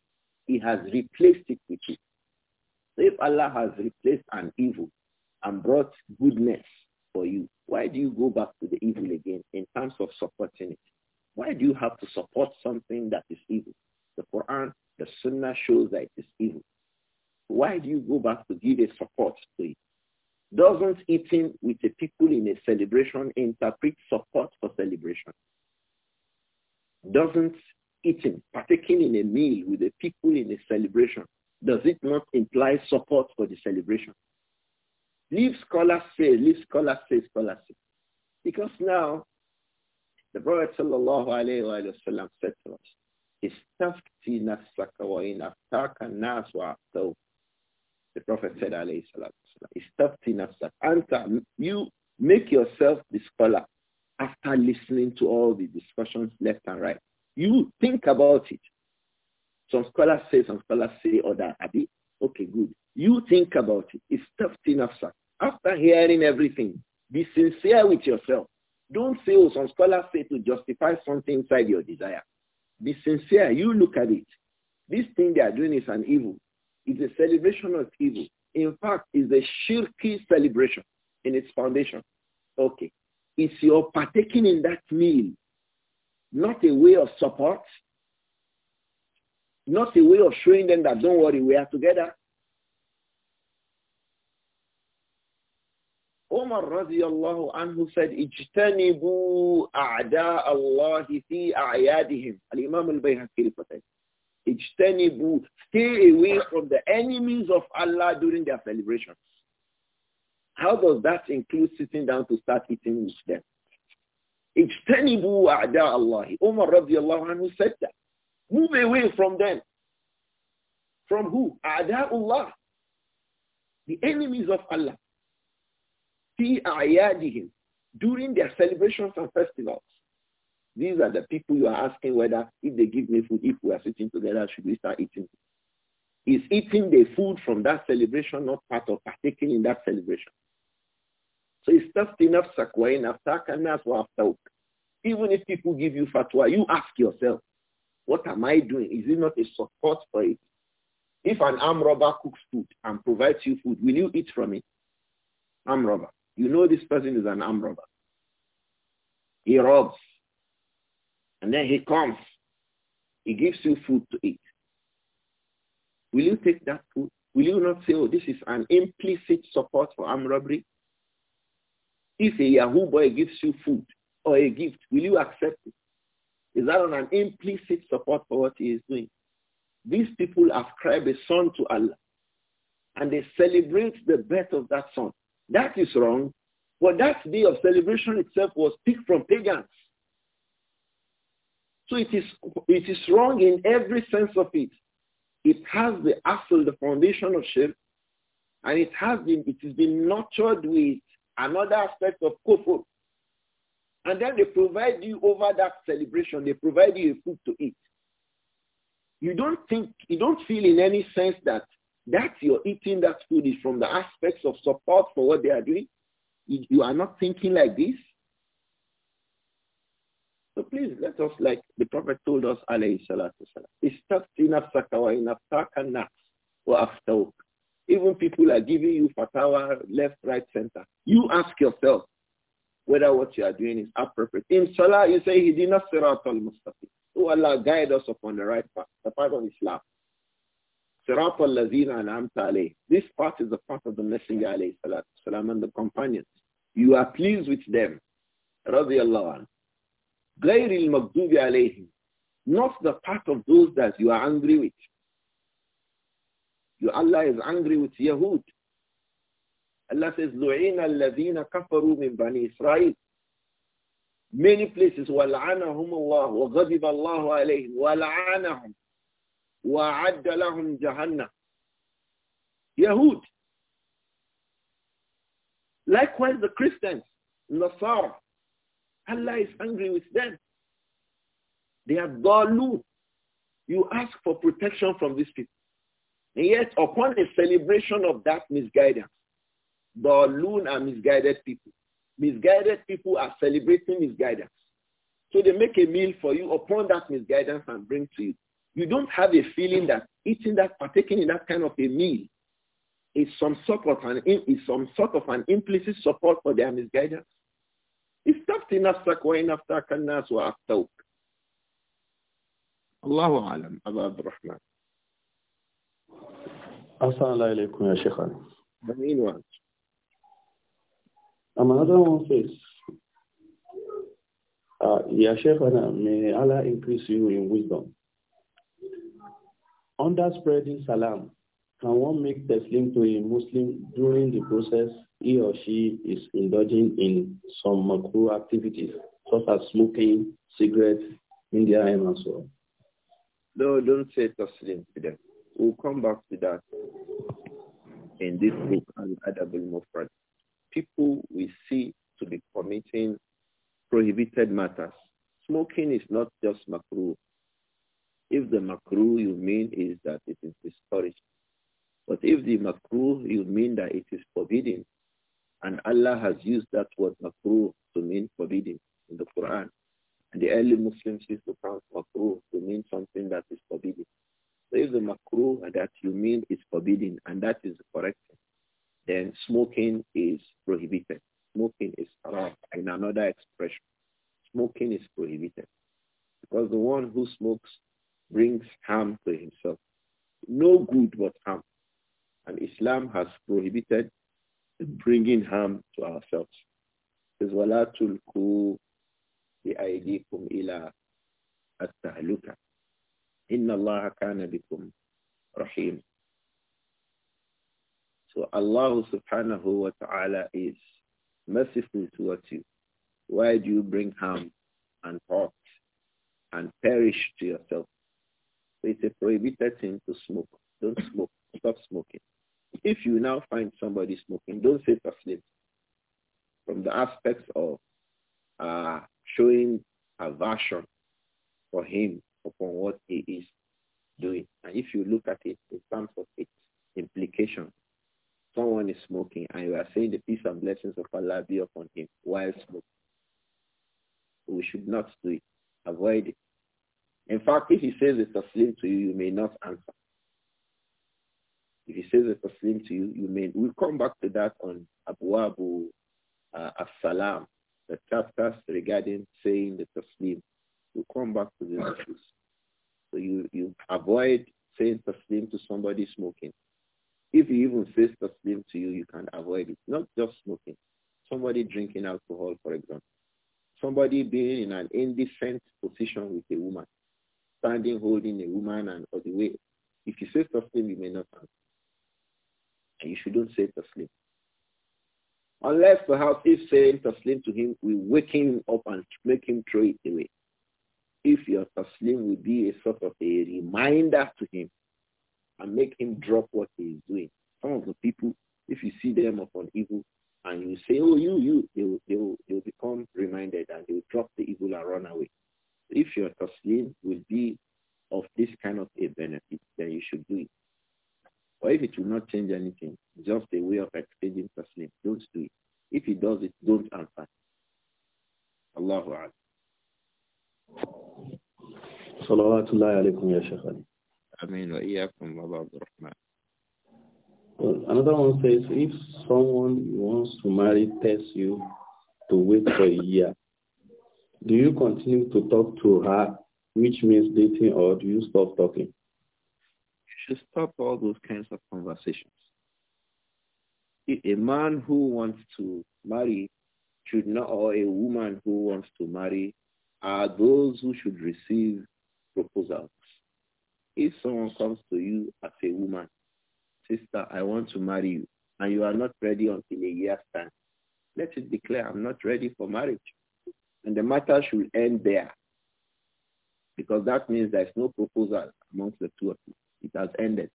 He has replaced it with it. So if Allah has replaced an evil and brought goodness for you, why do you go back to the evil again in terms of supporting it? Why do you have to support something that is evil? The Quran, the Sunnah shows that it is evil. Why do you go back to give a support to it? Doesn't eating with the people in a celebration interpret support for celebration? Doesn't eating, partaking in a meal with the people in a celebration, does it not imply support for the celebration? Leave scholars say, leave scholars say, scholars say. Because now, the Prophet sallallahu alayhi wa sallam said to us, Istafti nafsaka wa in aftaka nas The Prophet said alayhi salatu Istafti nafsak. After you make yourself the scholar after listening to all the discussions left and right. You think about it. Some scholars say, some scholars say other. Abi, okay, good. You think about it. It's tough nafsak. After hearing everything, be sincere with yourself. Don't say, what oh, some scholars say to justify something inside your desire. Be sincere. You look at it. This thing they are doing is an evil. It's a celebration of evil in fact is a shirky celebration in its foundation. Okay. it's your partaking in that meal not a way of support? Not a way of showing them that don't worry, we are together. Umar radiallahu anhu said, اجتنبوا أعداء الله في أعيادهم. الإمام البيهقي reported. اجتنبوا stay away from the enemies of Allah during their celebrations. How does that include sitting down to start eating with them? Ijtanibu a'da Allah. Umar anhu said that. Move away from them. From who? A'da Allah. The enemies of Allah. Fi a'yadihim. During their celebrations and festivals. These are the people you are asking whether if they give me food, if we are sitting together, should we start eating? Is eating the food from that celebration not part of partaking in that celebration? So it's just enough sakwa in aftak or after what Even if people give you fatwa, you ask yourself, what am I doing? Is it not a support for it? If an arm robber cooks food and provides you food, will you eat from it? Arm robber. You know this person is an arm robber. He robs. And then he comes. He gives you food to eat. Will you take that food? Will you not say, oh, this is an implicit support for armed robbery? If a Yahoo boy gives you food or a gift, will you accept it? Is that not an implicit support for what he is doing? These people ascribe a son to Allah and they celebrate the birth of that son. That is wrong, but that day of celebration itself was picked from pagans. So it is, it is wrong in every sense of it. It has the actual, the foundation of shirk, and it has been, it has been nurtured with another aspect of food, And then they provide you over that celebration, they provide you a food to eat. You don't think, you don't feel in any sense that that you're eating that food is from the aspects of support for what they are doing. You are not thinking like this. So please let us, like the Prophet told us, alayhi salatu wasalam, wa Even people are giving you fatwa left, right, center. You ask yourself whether what you are doing is appropriate. In Salah, you say, he did Hidina siratul mustaqim. Oh Allah, guide us upon the right path, the path of Islam. Siratul lazina an'amta alayh. This path is the path of the Messenger alayhi salatu and the companions. You are pleased with them. Radiallahu anhu. غير المغضوب عليهم not the part of those that you are angry with Your Allah is angry with Yahud Allah says لعين الذين كفروا من بني إسرائيل many places ولعنهم الله وغضب الله عليهم ولعنهم وعد لهم جهنم Yahud Likewise the Christians, Nasara, Allah is angry with them. They are dalu. You ask for protection from these people. And yet, upon a celebration of that misguidance, dalun are misguided people. Misguided people are celebrating misguidance. So they make a meal for you upon that misguidance and bring to you. You don't have a feeling that eating that, partaking in that kind of a meal is some sort of an, is some sort of an implicit support for their misguidance. استفتي نفسك وإن أفتاك الناس وأفتوك الله أعلم أبا عبد الرحمن أحسن الله إليكم يا شيخ أمين وأنت Another one says, uh, Ya أنا أنا Allah increase you in wisdom. Under spreading salam Can one make Taslim to a Muslim during the process he or she is indulging in some makruh activities such as smoking, cigarettes, India and so on? No, don't say Taslim to them. We'll come back to that in this book, Al-Adabul Mufrad. People we see to be committing prohibited matters. Smoking is not just makruh. If the makruh you mean is that it is discouraged, but if the makruh, you mean that it is forbidden, and Allah has used that word makruh to mean forbidden in the Quran. And the early Muslims used to pronounce makruh to mean something that is forbidden. So if the makruh that you mean is forbidden, and that is correct, then smoking is prohibited. Smoking is haram. In another expression, smoking is prohibited. Because the one who smokes brings harm to himself. No good but harm. And Islam has prohibited bringing harm to ourselves. Says, وَلَا تُلْقُوا بِأَيْدِيكُمْ إِلَىٰ التَّهْلُكَةِ إِنَّ اللَّهَ كَانَ بِكُمْ rahim. So Allah subhanahu wa ta'ala is merciful towards you. Why do you bring harm and hurt and perish to yourself? So it's a prohibited thing to smoke. Don't smoke. Stop smoking. If you now find somebody smoking, don't say taslim. From the aspects of uh, showing aversion for him upon what he is doing. And if you look at it in terms of its implication, someone is smoking and you are saying the peace and blessings of Allah be upon him while smoking. We should not do it. Avoid it. In fact, if he says it's a sin to you, you may not answer. If he says a taslim to you, you may We'll come back to that on Abu Abu uh, As-Salam, the chapters regarding saying the taslim. We'll come back to these issues. So you, you avoid saying taslim to somebody smoking. If he even says taslim to you, you can avoid it. Not just smoking. Somebody drinking alcohol, for example. Somebody being in an indecent position with a woman. Standing holding a woman and or the way. If he says taslim, you may not answer. And you shouldn't say taslim. Unless perhaps if saying taslim to him will wake him up and make him throw it away. If your taslim will be a sort of a reminder to him and make him drop what he is doing. Some of the people, if you see them upon evil and you say, oh, you, you, they will, they will, they will become reminded and they will drop the evil and run away. If your taslim will be of this kind of a benefit, then you should do it. Or if it will not change anything, just a way of exchanging taslim, don't do it. If he does it, don't answer. Allahu Akbar. صلوات الله عليكم يا شيخ علي. امين واياكم ابا Another one says, if someone wants to marry tells you to wait for a year, do you continue to talk to her, which means dating, or do you stop talking? should stop all those kinds of conversations. A man who wants to marry should not, or a woman who wants to marry, are those who should receive proposals. If someone comes to you as a woman, sister, I want to marry you, and you are not ready until a year's time, let it declare, I'm not ready for marriage. And the matter should end there because that means there's no proposal amongst the two of you. It has ended.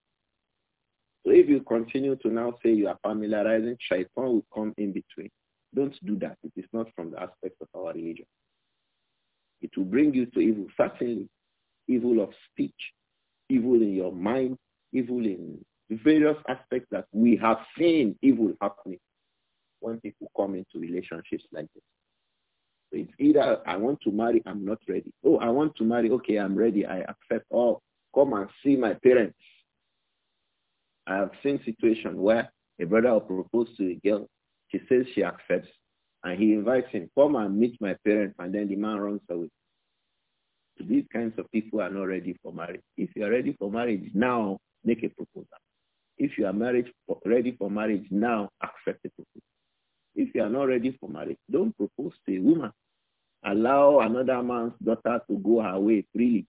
So if you continue to now say you are familiarizing, shaitan will come in between. Don't do that. It is not from the aspect of our religion. It will bring you to evil, certainly. Evil of speech, evil in your mind, evil in various aspects that we have seen evil happening when people come into relationships like this. So it's either I want to marry, I'm not ready. Oh, I want to marry, okay, I'm ready, I accept all come and see my parents. I have seen situation where a brother will propose to a girl. She says she accepts. And he invites him, come and meet my parents. And then the man runs away. These kinds of people are not ready for marriage. If you are ready for marriage now, make a proposal. If you are married ready for marriage now, accept the proposal. If you are not ready for marriage, don't propose to a woman. Allow another man's daughter to go her way freely.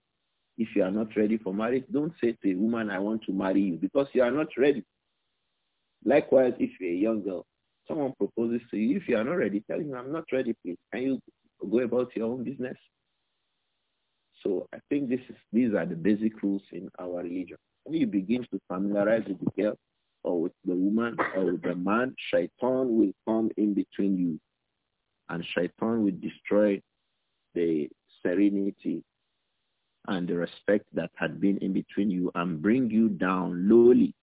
If you are not ready for marriage, don't say to a woman, I want to marry you, because you are not ready. Likewise, if you're a young girl, someone proposes to you. If you are not ready, tell him, I'm not ready, please. Can you go about your own business? So I think this is, these are the basic rules in our religion. When you begin to familiarize with the girl or with the woman or with the man, shaitan will come in between you. And shaitan will destroy the serenity and the respect that had been in between you and bring you down lowly.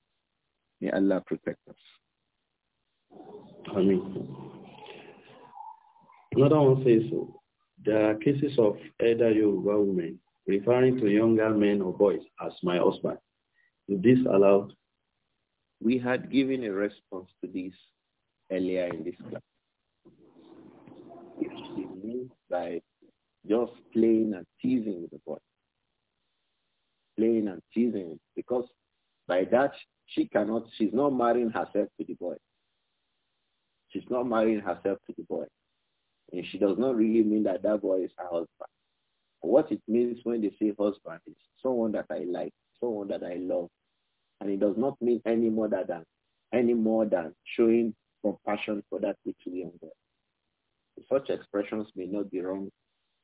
May Allah protect us. Amen. Another one says, so. there are cases of elder Yoruba women referring to younger men or boys as my husband. Is this allowed? We had given a response to this earlier in this class. It means by just playing and teasing with the boy playing and teasing because by that she cannot, she's not marrying herself to the boy. She's not marrying herself to the boy. And she does not really mean that that boy is her husband. What it means when they say husband is someone that I like, someone that I love. And it does not mean any more than, any more than showing compassion for that little young girl. Such expressions may not be wrong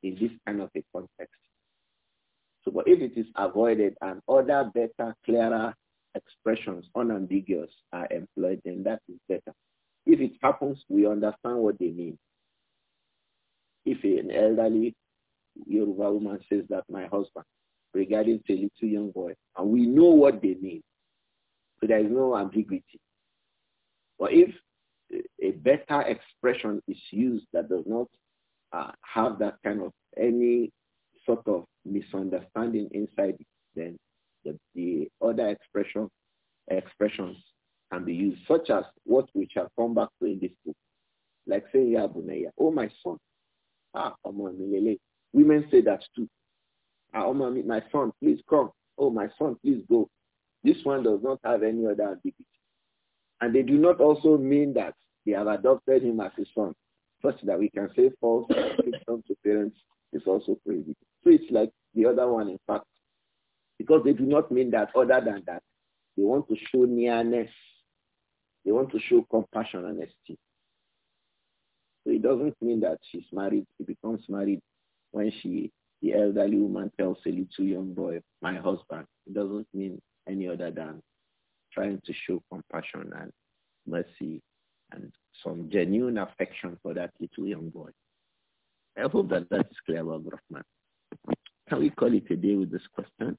in this kind of a context. So, but if it is avoided and other better, clearer expressions, unambiguous, are employed, then that is better. If it happens, we understand what they mean. If an elderly Yoruba woman says that my husband, regarding a little young boy, and we know what they mean, so there is no ambiguity. But if a better expression is used that does not uh, have that kind of any sort of misunderstanding inside then the, the other expression, expressions can be used, such as what we shall come back to in this book. Like saying Ya Bunaya, oh my son, ah, Women say that too. Ah, my son, please come. Oh, my son, please go. This one does not have any other ambiguity. And they do not also mean that they have adopted him as his son, such that we can say false kingdom to parents is also crazy. So it's like the other one in fact. Because they do not mean that other than that. They want to show nearness. They want to show compassion and esteem. So it doesn't mean that she's married. She becomes married when she, the elderly woman tells a little young boy, my husband. It doesn't mean any other than trying to show compassion and mercy and some genuine affection for that little young boy. I hope that that's clear, Rahman. Can we call it a day with this question?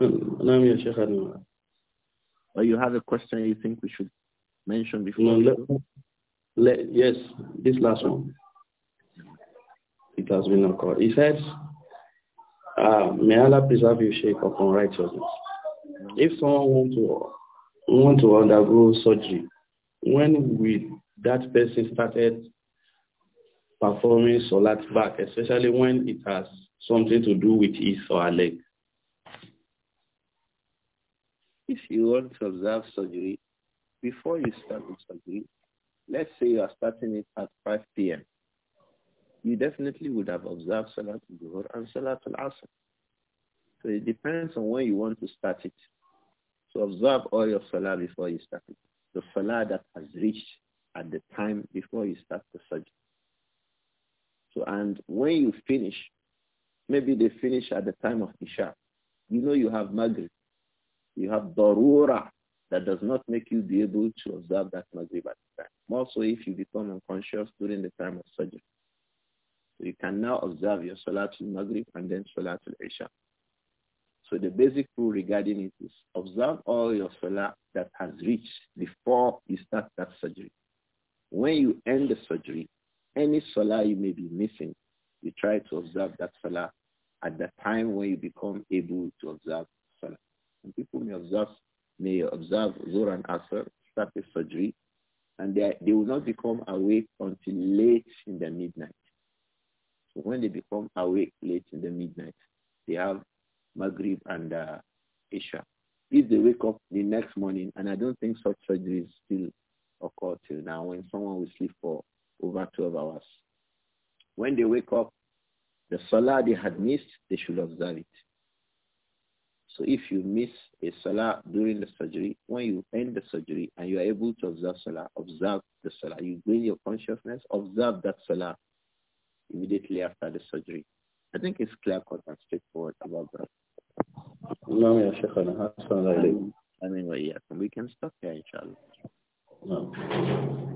Um, or you have a question you think we should mention before? No, let, let, yes, this last one. It has been occurred. He says, uh, may Allah preserve you, Sheikh, upon righteousness. If someone want to want to undergo surgery, when will that person started performing salat back, especially when it has something to do with his or her leg. If you want to observe surgery, before you start the surgery, let's say you are starting it at 5 p.m. You definitely would have observed Salat al and Salat al-Asr. So it depends on when you want to start it. So observe all your Salah before you start it. The Salah that has reached at the time before you start the surgery. So, and when you finish, maybe they finish at the time of Isha. You know you have Maghrib. You have Darura that does not make you be able to observe that Maghrib at the time. More so if you become unconscious during the time of Sajjah. So you can now observe your Salatul Maghrib and then Salatul Isha. So the basic rule regarding it is observe all your Salah that has reached before you start that surgery. When you end the surgery, any salah you may be missing, you try to observe that salah at the time when you become able to observe salah. And people may observe may observe Zuhr and Asr, start the surgery, and they, they will not become awake until late in the midnight. So when they become awake late in the midnight, they have Maghrib and uh, Isha. If they wake up the next morning, and I don't think such surgeries still occur till now, when someone will sleep for over 12 hours. When they wake up, the salah they had missed, they should observe it. So if you miss a salah during the surgery, when you end the surgery and you are able to observe salah, observe the salah. You bring your consciousness, observe that salah immediately after the surgery. I think it's clear cut and straightforward about that. I mean, well, yeah, we can stop here, inshallah. No.